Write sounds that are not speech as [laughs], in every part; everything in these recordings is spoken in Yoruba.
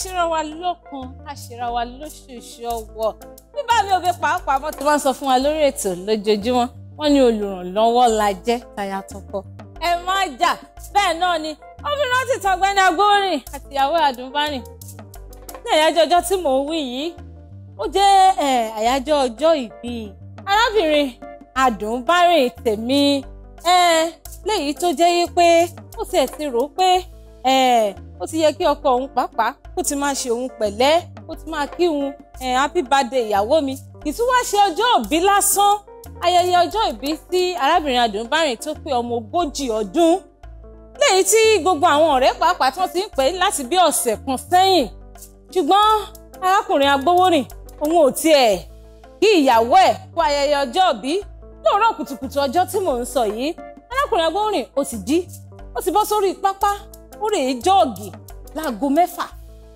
ṣera wa lọ́kan a ṣera wa lóṣooṣù ọwọ́ ní báyìí òbí pàápàá bọ́ tó bá ń sọ fún wa lórí ètò lójoojúmọ́ wọ́n ní olùrànlọ́wọ́ la jẹ́ táyà tọkọ ẹ má jà bẹ́ẹ̀ náà ni obìnrin ti tọ̀gbẹ́ni agbórin àtìyàwó àdùnbárìn ní àyájọ́ ọjọ́ tí mò ń wí yìí ó jẹ́ àyájọ́ ọjọ́ ìbí arábìnrin àdùnbárìn tèmi léyìí tó jẹ́ yí pé ó tiẹ̀ ti rò pé ó ti yẹ kí ọkọ òun pàápàá kó ti máa ṣe òun pẹ̀lẹ́ kó ti máa kí òun eh, happy birthday ìyàwó mi ìtúwáṣe ọjọ́ òbí lásán ayẹyẹ ọjọ́ ìbí tí arábìnrin Adùnbárìn tó pé ọmọ ogójì ọdún lẹ́yìn tí gbogbo àwọn ọ̀rẹ́ pàápàá tán ti ń pè láti bí ọ̀sẹ̀ kan sẹ́yìn ṣùgbọ́n arákùnrin agbowórin òun ò tiẹ̀ kí ìyàwó ẹ̀ kú ayẹyẹ ọjọ́ ìbí lóòrọ̀ kùtùkùtù ọjọ́ tí mò ń sọ yìí arákùnrin agbowórin ó ti jí ó ti bọ́ sórí pápá ó rèé jọ́ọ̀gì láago mẹ́fà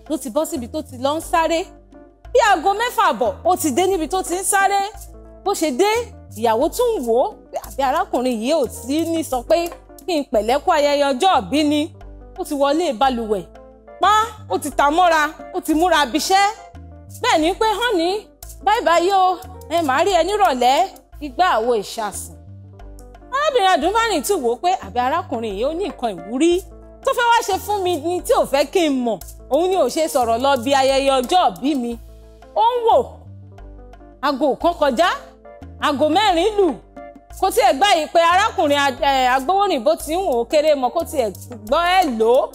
ló ti bọ́ síbi tó ti lọ ń sáré bí aago mẹ́fà bọ̀ ó ti dé níbi tó ti ń sáré bó ṣe dé ìyàwó tún ń wò ó àbí arákùnrin yìí ò tí ní sọ pé kí n pẹ̀lẹ́kù ayẹyẹ ọjọ́ ìbí ni ó ti wọlé ìbalùwẹ̀ pa ó ti ta mọ́ra ó ti múra abiṣẹ́ bẹ́ẹ̀ ni pé hàn ní báyìí báyìí o ẹ máa rí ẹ nírọ̀lẹ́ igbá àwo ìṣàsùn arábìnrin Adùnfáàní tún wò ó pé àbí arákùnrin yìí ó ní nǹkan ìwúrí tó fẹ́ wá ṣe fún mi ni tí ò fẹ́ kí n mọ̀ òun ni ò ṣe sọ̀rọ̀ lọ bí ayẹyẹ ọjọ́ ìbí mi ó ń wò aago kan kọjá aago mẹ́rin lù kó tiẹ̀ gbá yìí pé arákùnrin agbowóyìnbó ti ń wò ó kéré mọ́ kó tiẹ̀ gbọ́ ẹ̀ lò ó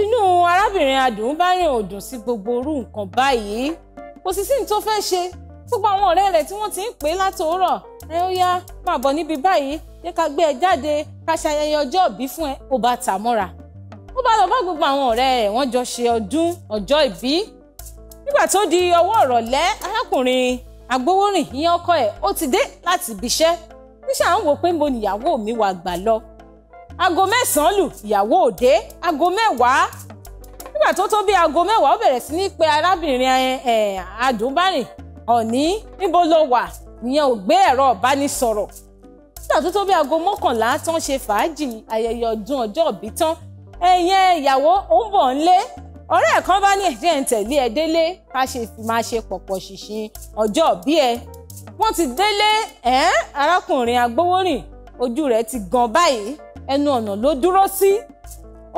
inú arábìnrin adùn bá rìn òdùn sí gbogbo orú nǹkan báyìí kò sì sí ní tó fẹ́ ṣe gbogbo àwọn ọ̀rẹ́ rẹ̀ tí wọ́n ti ń pè é látòórọ̀ ẹ ó yá máa bọ̀ níbi báyìí yẹ ká gbé ẹ jáde ká ṣayẹyẹ ọjọ́ ìbí fún ẹ ó bá tà mọ́ra ó bá lọ bá gbogbo àwọn ọ̀rẹ́ rẹ̀ wọ́n jọ ṣe ọdún ọjọ́ ìbí nígbà tó di ọwọ́ ìrọ̀lẹ́ arákùnrin agbowórin ìyẹn ọkọ ẹ̀ ó ti dé láti ibiṣẹ́ níṣà ń wò pé mo níyàwó mi wà gbà lọ aago mẹ́sàn-án lù ìyàwó òde aago mẹ́wàá nígbà tó tó bí aago mẹ́wàá ó bẹ̀rẹ̀ sí ní pe arábìnrin adùnbárìn ọ̀ní níbo lo wà ìyẹn ò gbé ẹ̀rọ ìbánisọ̀rọ̀ nígbà tó tó bí aago mọ́kànlá tán ṣe fàájì ayẹyẹ ọdún ọjọ́ ìbí tán ẹ̀yẹn ìyàwó ó ń bọ̀ ńlé ọ̀rẹ́ ẹ̀ kan bá ní ẹ̀jẹ̀ ń tẹ̀lé ẹ délé ká ṣe fi máa ṣe pọ̀pọ̀ ṣìnṣìn ọjọ́ ìbí ẹ wọ́n ti délé ẹ̀ arákùnrin agbowórìn ojú rẹ̀ ti gan báyìí ẹnu ọ̀nà ló dúró sí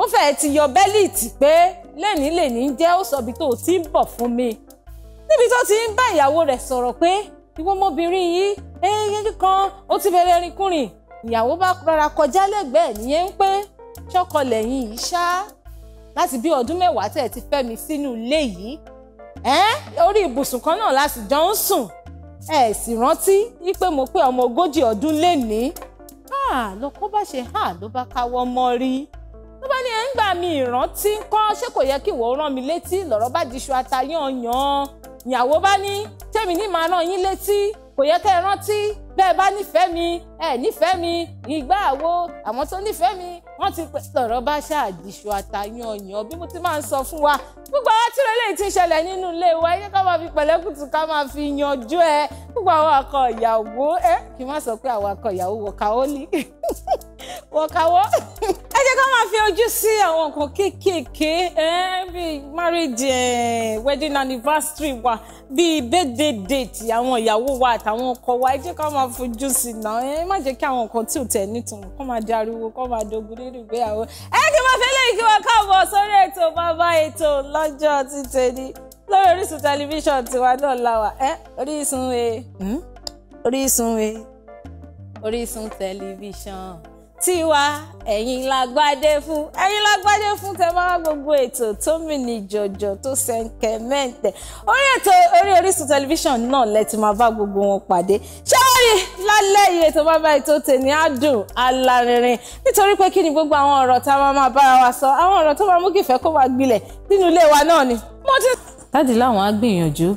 ó fẹ́ẹ́ ti yọ bẹ́líìtì pé lẹ́nìí lẹ́nìí jẹ́ ó sọ ibi tó ti ń bọ̀ fún mi níbi tó ti ń bá ìyàwó rẹ̀ sọ̀rọ̀ pé ìwọ ọmọbìnrin yìí eyín kan ó ti bẹ̀rẹ̀ rinkùnrin ìyàwó bá rọra kọjá lẹ́gbẹ̀ẹ́ nìyẹn ń pé ṣọ́kọ lẹ́yìn yìí ṣá láti bí ọdún mẹ́wàá tẹ̀ ti fẹ́ mi sínú ilé yìí ẹ́n orí ibùsùn kan náà láti jọ ń sùn ẹ sì rántí wípé mo pé ọmọ ogójì ọdún lénìí lọkọ bá ṣe ha. ló bá káwọ́ mọ́ rí ló bá ní ẹ ń gbà mí ìrántí ńkọ́ ṣé kò yẹ kí ìwọ rán mi létí lọ́rọ̀ bá di iṣu ata yán yan ìyàwó bá ní tèmi ní màá rán yín létí kò yẹ kẹ́ ẹ rántí bẹ́ẹ̀ bá nífẹ̀ẹ́ mi ẹ nífẹ̀ẹ́ mi ìgbà àwo àwọn tó nífẹ̀ẹ́ mi wọ́n ti pẹ́ sọ̀rọ̀ bá ṣáàdìṣọ àtàyànyàn bí mo ti máa ń sọ fún wa gbogbo àwọn tí lélẹ́yìn ti ń ṣẹlẹ̀ nínú ilé wa ẹ ká máa fi pẹ̀lẹ́kùtù ká máa fi yanjú ẹ gbogbo àwọn akọ ìyàwó ẹ kì í má sọ pé àwọn akọ ìyàwó wọ̀kàwó ni [laughs] wọ̀kàwó ẹ jẹ́ ká máa fi ojú sí àwọn nǹkan kéékèèké bíi marriage wedding anniversary wa bíi birthday date àwọn ìyàwó wa àtàwọn ọkọ wa ẹ jẹ́ ká máa fojú sí náà ẹ má jẹ́ kí àwọn nǹkan tí ò tẹ̀ nítumọ̀ kó máa di ariwo kó máa dogun nínú ìgbéyàwó ẹ kí n máa fẹ́ lẹ́yìn kí wọ́n káàbọ̀ sórí ètò bàbá ètò lọ́jọ́ títẹ̀ ní lórí Orísun tẹlifíṣàn tiwa náà láwà ẹ Orísun e hmm? Orísun e Orísun tẹlifíṣàn tiwa ẹ̀yin lágbádé fún ẹ̀yin lágbádé fún tẹ máa gbogbo ètò tó mìíní jọ̀jọ̀ tó sẹ̀ǹkẹ̀ mẹ́ǹtẹ̀ orí ètò orí Orísun tẹlifíṣàn náà lẹ ti máa bá gbogbo wọn pàdé ṣáárì lálẹ́ yìí ètò bàbá ètò tèmi á dùn alárinrin nítorí pé kí ni gbogbo àwọn ọ̀rọ̀ tá a máa bára wa sọ àwọn ọ̀rọ̀ tó máa mú kí kó wa gbilẹ̀ nínú ilé wa náà ni dádì láwọn á ah, gbìyànjú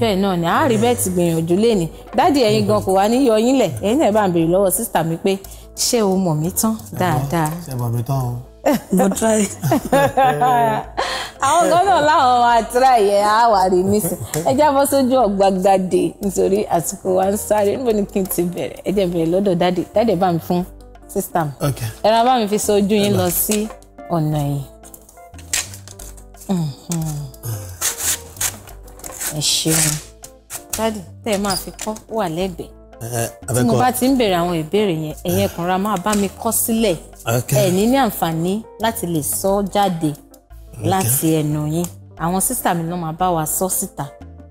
bẹ́ẹ̀ náà ni àárí bẹ́ẹ̀ ti gbìyànjú léni dádì ẹ̀yin mm-hmm. gan kò wá ní yọ ṣé o mọ̀ mí tán dáadáa. ṣé mọ̀ mí tán o. [laughs] mo try. [laughs] àwọn kan náà láwọn máa try yẹn á wà rí nísìn ẹ jábọ́ sójú ọ̀gbagadè nítorí àsìkò wa ń sáré níbo ni kí n ti bẹ̀rẹ̀ ẹ jẹ́ bẹ̀rẹ̀ lọ́dọ̀ dáde dáde bá mi fún sísítà mi ẹ ra bá mi fi sojú yín lọ sí ọ̀nà yìí. Mm-hmm. ẹ ṣeun dáde tẹ́ ẹ máa fi kọ́ wà lẹ́gbẹ̀ẹ́. Eh, tí mo bá ti ń béèrè àwọn ìbéèrè yẹn ẹ̀yin eh. ẹ̀kúnra máa bá mi kọ sílẹ̀ ẹ̀ ní ní àǹfààní láti lè sọ jáde láti ẹnu yín àwọn sísà mi náà máa bá wa sọ síta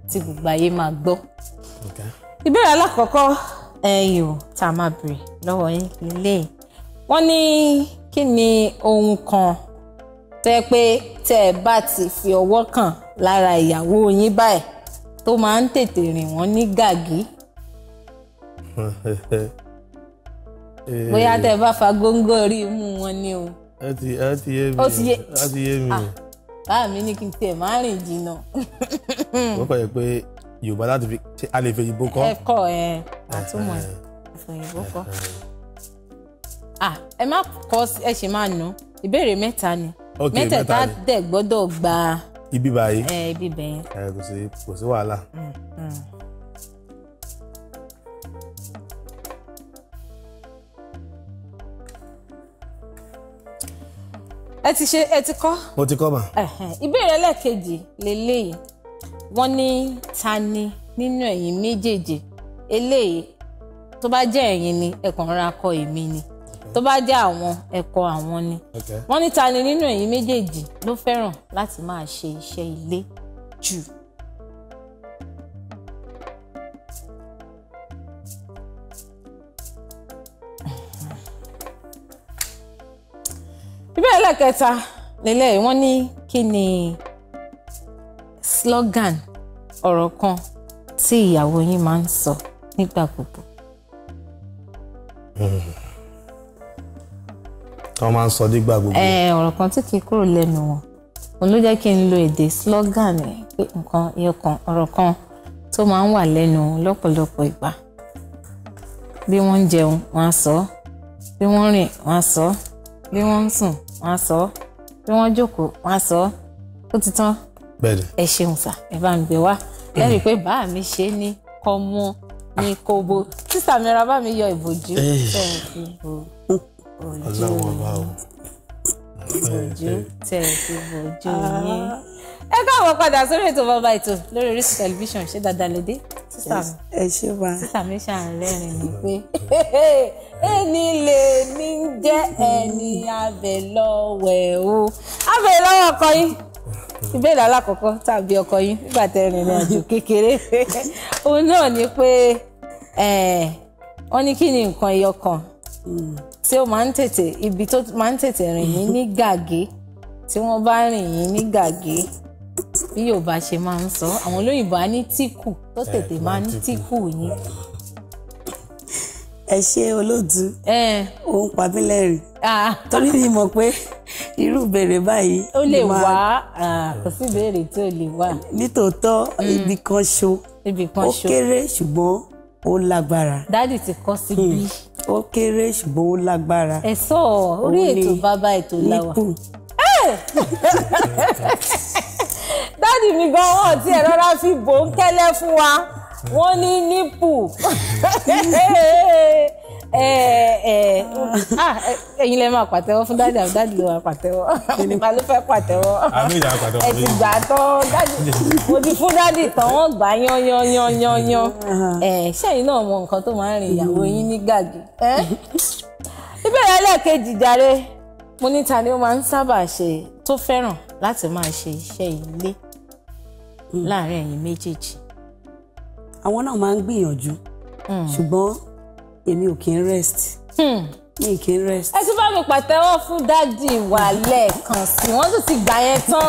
tí gbogbo ayé máa gbọ́. ìbéèrè alákọ̀ọ́kọ́ ẹ̀yin ò tá a máa béèrè lọ́wọ́ yín nílé wọ́n ní kí ni ohun kan tẹ́ pé tẹ́ ẹ bá ti fi ọwọ́ kàn lára ìyàwó yín báyìí tó máa ń tètè rìn wọ́n ní gàgí [laughs] bóyá eh, tẹ bá fa góńgó rí imú wọn ni o. ẹ ti ẹ ti yé mi o a ti yé mi o. Ah, báà mi ní kí n tẹ máa rìn jìnnà. wọ́n kọ́ yẹ pé yorùbá láti fi ṣe a lè fi òyìnbó kọ́. ẹ kọ ẹ àtúmọ̀ ẹ eh, fi òyìnbó eh, kọ́. Ah, ẹ má kọ ẹ ṣì máa nù ìbéèrè mẹ́ta ni mẹ́tẹ̀ẹ̀ta dẹ̀ gbọ́dọ̀ gba. ibi báyìí. ẹ ibi bẹ̀yẹn. ẹ kò sí kò sí wàhálà. Mm, mm. ẹ ti ṣe ẹ ti kọ́. mo ti kọ́ mà. ìbéèrè ẹlẹ́ẹ̀kejì lélẹ́yìí wọ́n ní ta ni nínú ẹ̀yin méjèèjì eléyìí tó bá jẹ́ ẹ̀yin ni ẹ̀kọ́ ńlá kọ èmi ni tó bá jẹ́ àwọn ẹ̀kọ́ àwọn ni wọ́n ní ta ni nínú ẹ̀yin méjèèjì ló fẹ́ràn láti máa ṣe iṣẹ́ ilé jù. ẹlẹ́kẹta lélẹ̀ wọ́n ní kí ni slogan ọ̀rọ̀ kan tí ìyàwó yín máa ń sọ nígbà gbogbo. wọ́n máa ń sọ nígbà gbogbo. ẹ ọ̀rọ̀ kan tí kì í kúrò lẹ́nu wọn òun ló jẹ́ kí n lo èdè slogan ẹ̀ pé nǹkan ìyọkàn ọ̀rọ̀ kan tó máa ń wà lẹ́nu lọ́pọ̀lọpọ̀ ìgbà bí wọ́n ń jẹun wọ́n á sọ bí wọ́n ń rìn wọ́n á sọ bí wọ́n ń sùn wọ́n á sọ bí wọ́n jókòó wọ́n á sọ ó ti tán ẹ ṣeun sà ẹ bá ń gbé wá ẹ rí i pé bá mi ṣe ní kọ́mú ní kóbó sísà mi ra bá mi yọ ìbòjú eh. tẹ̀ fi bo ojú ìbòjú eh, eh. tẹ̀ fi bo ojú ah. yín ẹ káàbọ̀ padà sórí ètò bàbá ètò lórí Orísun tẹlifíṣàn ṣé dáadáa lè dé sísà ẹ ṣe wá sísà mi ṣàǹrẹ́rìn ni pé ẹni lè ní jẹ́ ẹni abẹ lọ́wẹ̀ o abẹ lọ́wọ́ ọkọ yín ìbéèrè alákọ̀ọ́kọ́ tàbí ọkọ yín nígbà tẹ rìnrìn àjò kékeré [laughs] òun náà ni pé wọ́n ní kí ni nǹkan ẹyọ kan tí ó máa ń tètè ibi tó máa ń tètè rìn yín ní gàgé tí wọ́n bá rìn yín ní gàgé bí Yorùbá ṣe máa ń sọ àwọn olóyìnbó á ní tíkù tó eh, tètè máa ń tíkù yín. ẹ ṣe olóòtú òun eh. pa mí lẹ́rìn ah. torí ni mo pé irú ìbéèrè báyìí. ó lè wá ah, kò sí ìbéèrè tí ó lè wá. nítòótọ́ hmm. ibì kan ṣo ó kéré ṣùgbọ́n ó lágbára. dádì ti kọ́ sí bí. Hmm. ó kéré ṣùgbọ́n ó lágbára. ẹ sọ orí ètò bàbá ètò làwà. nípò. [laughs] dáàdì mi gan wọn ti ẹ̀ rọra fi bò ń kẹ́lẹ́ fún wa wọ́n ní nípù [laughs] eh, eh. ah, eh, ẹ̀yin lè máa pàtẹ́wọ́ fún dáàdì àbí dáàdì ló máa pàtẹ́wọ́ nípa ló fẹ́ pàtẹ́wọ́ ẹ ti gbà tán dáàdì [laughs] mo ti fún dáàdì tán wọ́n gbà yan yan yan yan yan uh-huh. ṣẹ́yìn náà mọ nǹkan tó máa ń rìn ìyàwó mm. yín ní gàgì ìbéèrè ẹlẹ́ẹ̀kejì jàre mo ní ta ni ó máa ń sábà ṣe tó fẹ́ràn láti máa ṣe iṣẹ́ ilé Hmm. láàárín ẹ̀yin méjèèjì. àwọn náà máa ń gbìyànjú hmm. ṣùgbọ́n èmi ò kí ń rest. Hmm mi kì í rest. ẹ tún bá mi pàtẹ́wọ́ fún dádì wa lẹ́ẹ̀kan sí wọ́n tún ti gbà yẹn tán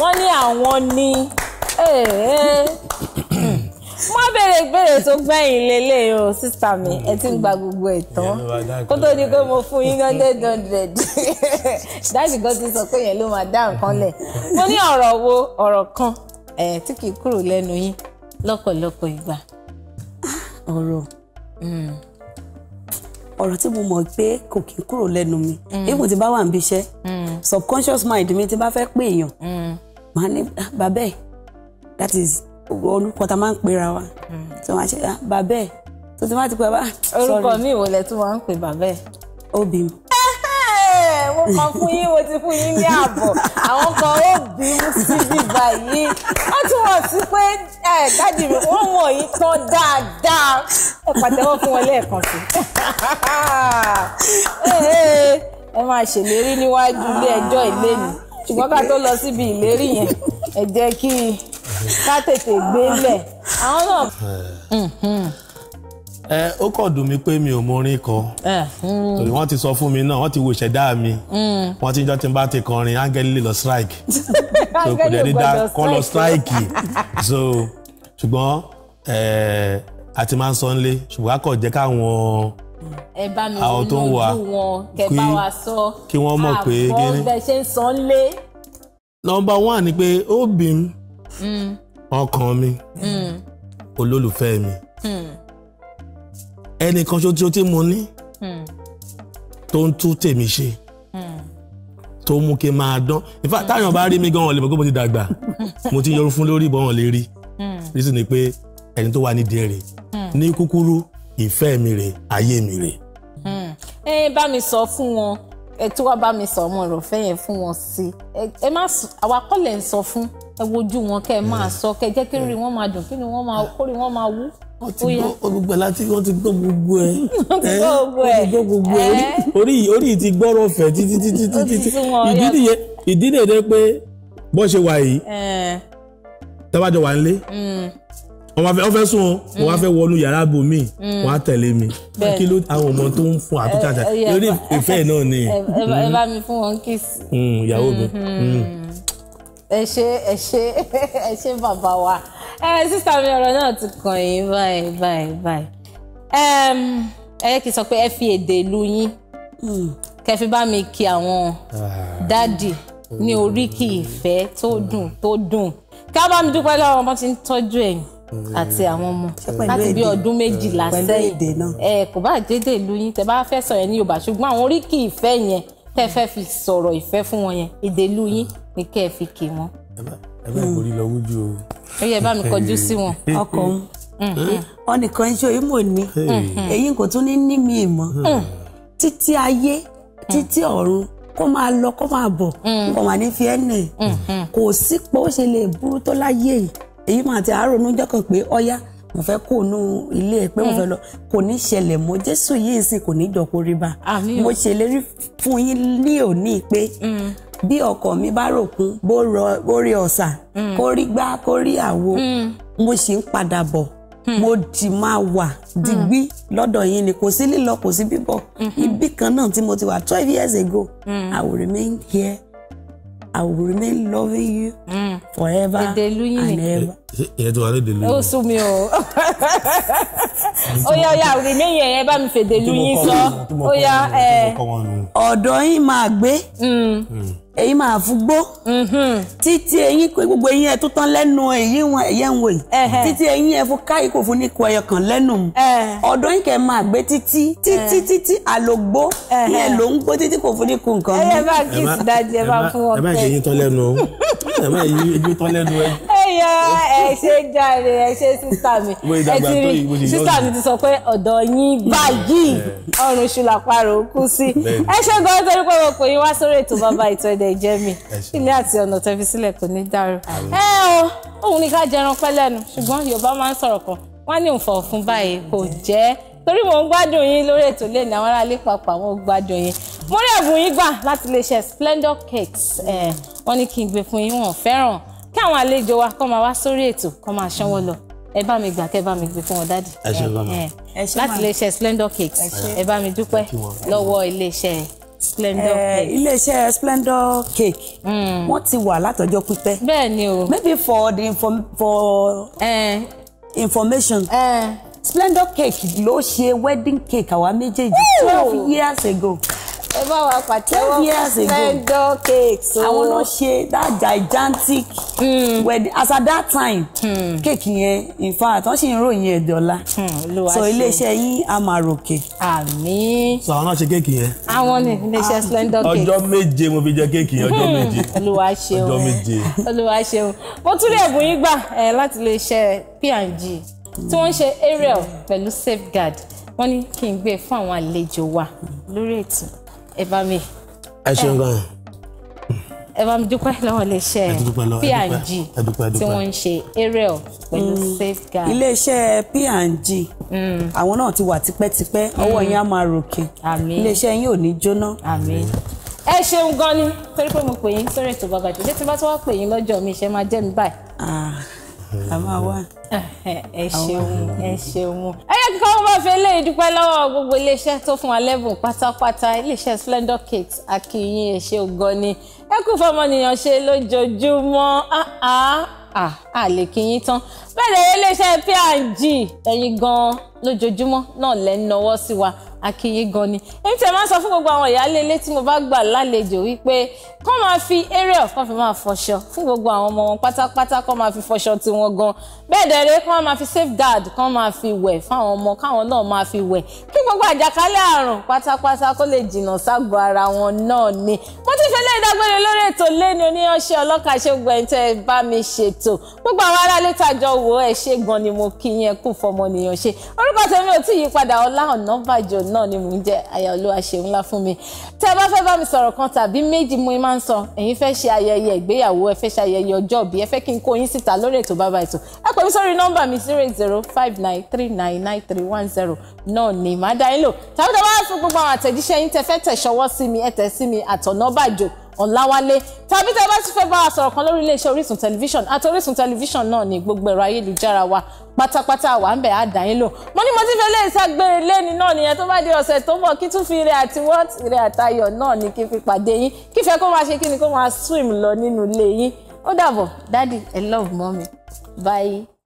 wọ́n ní àwọn ní. mo béèrè ìbéèrè tó gbẹ̀yìn lélẹ̀ o sísá mi ẹ ti ń gba gbogbo ẹ̀ tán kó tó di pé mo fún yín hundred hundred [laughs] dádì gan ti sọ pé yẹn ló máa dá nǹkan lẹ̀ mo ní ọ̀rọ̀ wo ọ̀rọ̀ kan tí kì í kúrò lẹ́nu yín lọ́pọ̀lọpọ̀ ìgbà ọ̀rọ̀ mm. ọ̀rọ̀ tí mo mọ̀ pé kò kí n kúrò lẹ́nu mi mm. even tí bá wà níbi iṣẹ́ mm. subconscious mind mi tí bá fẹ́ pè èèyàn màá ní ah, bàbá that is orúkọ tá a máa ń pera wa tí wọ́n á ṣe ah, bàbá ẹ̀ tó ti máa ti pè bá. orúkọ mi ìwòlẹ̀ tí wọ́n á ń pè bàbá ẹ̀ mo kàn fún yín mo ti fún yín ní ààbọ̀ àwọn kan ó bínú sí bíbá yìí wọ́n túmọ̀ sí pé dáàdì mi wọ́n mọ̀ yín tán dáadáa ẹ pàtẹ́wọ́ fún wọn lẹ́ẹ̀kan sí [laughs] ẹ máa ṣèlérí níwájú ilé ẹjọ́ ìlénìí ṣùgbọ́n ká tó lọ síbi ìlérí yẹn ẹ jẹ́ kí ká tètè gbélẹ̀ àwọn náà ẹ ó kàn dùn mí pé mi ò mọ orin kọ torí hmm. wọ́n ti sọ fún mi náà wọ́n ti wo ìṣẹ̀dá mi hmm. wọ́n ti ń jọ tí n bá ti kọrin áńgẹ́lì lè lọ strike [laughs] so kò dẹ̀ ní dá kọ́ lọ strike [laughs] so ṣùgbọ́n a ti máa ń sọ nílé ṣùgbọ́n a kò jẹ́ káwọn ẹ bá mi wọ́n kí wọ́n mọ̀ pé gíní. àbọ̀ bẹ́ẹ̀ one ni pé ó bí mi hmm. ọkàn mi olólùfẹ́ mi ẹnìkan ṣo tí o ti mú ní hmm. tó ń tún tèmi ṣe hmm. tó mú kí n máa dán in fact táyọ̀ bá rí mi gan-an lè mọ̀ pé mo ti dàgbà hmm. mo ti yọrù fún lórí ìbọn wọn lè rí reason ni pé ẹni tó wà nídìí rẹ̀ ní kúkúrú ìfẹ́ mi rè ayé mi rè. ẹ bá mi sọ fún wọn ẹ tí wàá bá mi sọ ọmọ rò fẹ́ yẹn fún wọn sí ẹ má àwa kọ́ ń sọ fún ẹ wojú wọn kẹ́ ẹ máa sọ kẹ́ ẹ jẹ́ kí rí wọn máa dùn kí ni wọ́n máa kórè wọn máa wú wọ́n ti gbọ́ gbogbo ẹ̀ láti wọ́n ti gbọ́ gbogbo ẹ̀ [laughs] wọ́n ti gbọ́ gbogbo ẹ̀ orí orí ti gbọ́rọ̀ ọ̀fẹ́ títí títí títí ìdí nìyẹn ìdí nìyẹn pé bó ṣe wà yìí tábàjọ wà nílé mm. wọ́n fẹ́ sùn wọ́n wá mm. fẹ́ wọnú yàrá bò mí mm. wọ́n á tẹ̀lé mi kí ló àwọn ọmọ tó ń fún àtúntàtà lórí ìfẹ́ náà ni. ẹ bá mi fún wọn kìsì. ìyàwó mi. Mm-hmm. ẹ ṣé ẹ ṣé [laughs] ẹ ṣé bàbá wa ẹ eh, sísá mi ọ̀rọ̀ náà ti kàn yín báyìí báyìí báyìí ẹ yẹ kí n sọ pé ẹ fi èdè ìlú yín hmm. kẹ́ fi bá mi kí àwọn ah. dádì ní oríkì ìfẹ́ tó dùn tó dùn ká bá mi dúpẹ́ lọ́wọ́ ọmọ tí ń tọ́jú ẹ̀yìn àti àwọn ọmọ láti bí ọdún méjìlá hmm. sẹ́yìn ẹ kò bá dédé ìlú yín tẹ́ bá fẹ́ sọ yẹn ní Yorùbá ṣùgbọ́n àwọn oríkì ìfẹ́ yẹn tẹ́ fẹ́ fi sọ̀rọ̀ ìfẹ́ fún wọn yẹn èdè ìlú yín ni kẹ́ ẹ fi kí wọn ẹ bá ìborí lọ wújú o. ó yẹ bá mi kọjú sí wọn. [laughs] ọkọ mm-hmm. wọn nìkan iṣẹ́ yìí mò ní èyí mm-hmm. kò tún ní ní mi mọ́ mm-hmm. títí ayé títí ọ̀run kó máa lọ kó máa bọ̀ kó máa ní fi ẹ́ nì kò sí pé ó ṣe lè burú tó láyé yìí èyí máa ti àárò ní jọ́kàn pé ọ́yá mo fẹ́ kó nu ilé ẹ pé mo fẹ́ mm. lọ kò ní ṣẹlẹ̀ mọ́ jésù yìí sì kò ní jọ rí bá mo ṣèlérí fún yín ní òní pé mm bí ọkọ mi bá ròkun bó rí ọ̀sà mm. kó rí gbá kó rí àwo mm. mo sì ń padà bọ̀ mm. mo ti máa wà digbí lọ́dọ̀ yín ni kò sí lílọ kò sí bíbọ̀ mm-hmm. ibì kan náà tí mo ti wà twelve years ago I will remain here I will remain loving you forever and ever ìyẹn tó wà lóde lu. ó sún mi o óyá óyá rìmẹ́yìn ẹ̀yẹ bá mi fèdè lu yín sọ óyá ọ̀dọ̀ yín máa gbé èyí mm. mm. máa fúgbó mm-hmm. títí eyín gbogbo eyín ẹ tó tán lẹ́nu èyí wọn ẹ̀yẹ ń wò yìí títí eyín ẹ fún káyì kò fún ní kó ẹyọ kan lẹ́nu ọ̀dọ̀ yín kẹ́ máa gbé títí títí títí àlògbó yẹn ló ń gbó títí kò fún ní kó nǹkan ẹ bá kí ìsìdájì ẹ bá fún wọn pẹ ẹ bá ṣe [laughs] eyín tán lẹ́nu ẹ bá ṣe eyín tán lẹ́nu ẹ ẹ ṣe jàre ẹ ṣe sísá mi ẹ ti rí sísá mi ti sọ pé ọ̀dọ̀ yín báyìí ọrùn ṣùlà parò kú sí ẹ ṣe gan torí pé mo pè yín wá sórí ètò bàbá ìtọ́ ẹ̀dẹ̀ jẹ́ mi ilé àti ọ̀nà tẹ́ fi sílẹ̀ kò ní dàrú ẹ o òun ni ká jẹran pẹ́ lẹ́nu ṣùgbọ́n Yorùbá máa ń sọ̀rọ̀ kan wọ́n ní òǹfọ̀ fún báyìí kò jẹ́ torí mò ń gbádùn yín lórí ètò lè ní àwọn aráalé papọ̀ àwọn gbádùn yín mo rí ẹ̀bùn yín gbà láti iléeṣẹ́ Splendor Cakes wọ́n ní kí n gbé fún yín wọ́n fẹ́ràn kí àwọn àlejò wa kọ́ máa wá sórí ètò kọ́ máa ṣánwó lọ ẹ bá mi gbà kẹ́ bá mi gbé fún wọn dádì láti iléeṣẹ́ Splendor Cakes ẹ bá mi dúpẹ́ lọ́wọ́ iléeṣẹ́ Splendor Cake. iléeṣẹ́ Splendor Cake. wọ́n ti wà látọjọ́ pípẹ́. bẹ́ẹ̀ ni o. maybe for the inform for eh. information. Eh. Splendor Cake ló ṣe wedding cake àwa méjèèjì twelve years ago. Ten years ago, pàtẹ́wọ́ fẹ́ndọ́ cakes. àwọn lọ ṣe that gigantic mm. wedding as at that time mm. cake yẹn in fact wọ́n sì ń ròyìn ẹ̀ dọ́là hmm, so iléeṣẹ́ yín a máa ròkè. àmín. so àwọn náà ṣe kéèkì yẹn. àwọn ni iléeṣẹ́ splendor cakes. ọjọ́ méje mo fi jẹ kéèkì yẹn ọjọ́ méje. Hmm, olúwa ṣeun ọjọ́ méje. olúwa ṣeun mo tún rí ẹ̀bùn yín gbà láti iléeṣẹ́ P&G tí wọ́n ń ṣe aerial pẹ̀lú safeguard wọ́n ní kí n gbé e fún àwọn àlejò wa lórí ètò ẹ bá mi. ẹ ṣeun gan. ẹ bá mi dúpẹ́ lọ́wọ́ iléeṣẹ́ P&G tí wọ́n ń ṣe aerial pẹ̀lú mm. safeguard. iléeṣẹ́ P&G mm. àwọn náà ti wà tipẹ́tipẹ́ ọwọ́ mm. yín á máa ròkè iléeṣẹ́ yín ò ní jóná. àmín ẹ ṣeun gan ni torí pé mo pè yín sórí ètò bàbá ìdílé tí bá tún wá pè yín lọ́jọ́ mi ìṣe máa jẹ́ mi báyìí. Ah a máa wà. [laughs] ẹ ṣeun ẹ ṣeun. ẹ yẹ kí káwọn máa fi eléyìí dúpẹ́ lọ́wọ́ gbogbo iléeṣẹ́ tó fún wa lẹ́bùn pátápátá iléeṣẹ́ Splendor Cakes akínyìn ẹ ṣé gan ni ẹ kú fọmọnìyàn ṣe lójoojúmọ́ a lè kíyìn tán bẹ́ẹ̀ ni iléeṣẹ́ P&G ẹ̀yin gan lójoojúmọ́ náà lẹ́ ń sí wa akínyé gan ni èmi tẹ máa ń sọ fún gbogbo àwọn ìyáálé ilé tí mo bá gbà lálejò wípé kọ́ máa fi area kọ́ fi máa fọṣọ fún gbogbo àwọn ọmọ wọn pátápátá kọ́ máa fi fọṣọ tiwọn gan bẹ́ẹ̀ dẹ̀rẹ́ kọ́ máa fi safeguard kọ́ máa fi wẹ̀ fáwọn ọmọ káwọn náà máa fi wẹ̀ kí gbogbo àjàkálẹ̀ àrùn pátápátá kó lè jìnnà ságbo ara wọn náà ni mo ti fẹ́ lé ìdágbére lórí ètò lẹ́ni oníyanṣẹ́ ọlọ́kà ṣé gbogbo ẹni tẹ́ ẹ bá mi ṣètò gbogbo àwọn aráalé tàjọ wò ẹ náà ni mò ń jẹ́ aya olúwa ṣe ńlá fún mi tẹ́ ẹ bá fẹ́ bá mi sọ̀rọ̀ kan tàbí méjì mo máa ń sọ ẹ̀yin fẹ́ ṣe ayẹyẹ ìgbéyàwó ẹ fẹ́ ṣe ayẹyẹ ọjọ́ ìbí ẹ fẹ́ kí n kó yín síta lórí ètò bàbá ètò ẹ pè sórí nọ́mbà mi zero eight zero five nine three nine nine three one zero náà ni màá dá yín lò tàbí tẹ́ bá fún gbogbo àwọn àtẹ̀jíṣẹ́ yín tẹ́ fẹ́ tẹ̀ ṣọwọ́ sí mi ẹ tẹ̀ sí mi àtọ̀nàbàjò ọláwálé tàbí tẹ́ bá ti fẹ́ bá wa sọ̀rọ̀ kan lórí iléeṣẹ́ orísun tẹlifíṣàn àti orísun tẹlifíṣàn náà ni gbogbo ẹ̀rọ ayélujára wa pátápátá wà ń bẹ̀ á dàn yín lò mo ní mo ti fẹ́ lè ságbére lẹ́ni náà nìyẹn tó bá di ọ̀sẹ̀ tó bọ̀ kí tún fi ire àti wọ́ọ̀tì ire àtayọ̀ náà ní kí fi pàdé yín kí fẹ́ kó máa ṣe kí ni kó máa swim lọ nínú ilé yín ó dàbọ̀ dádì i love mommy bye.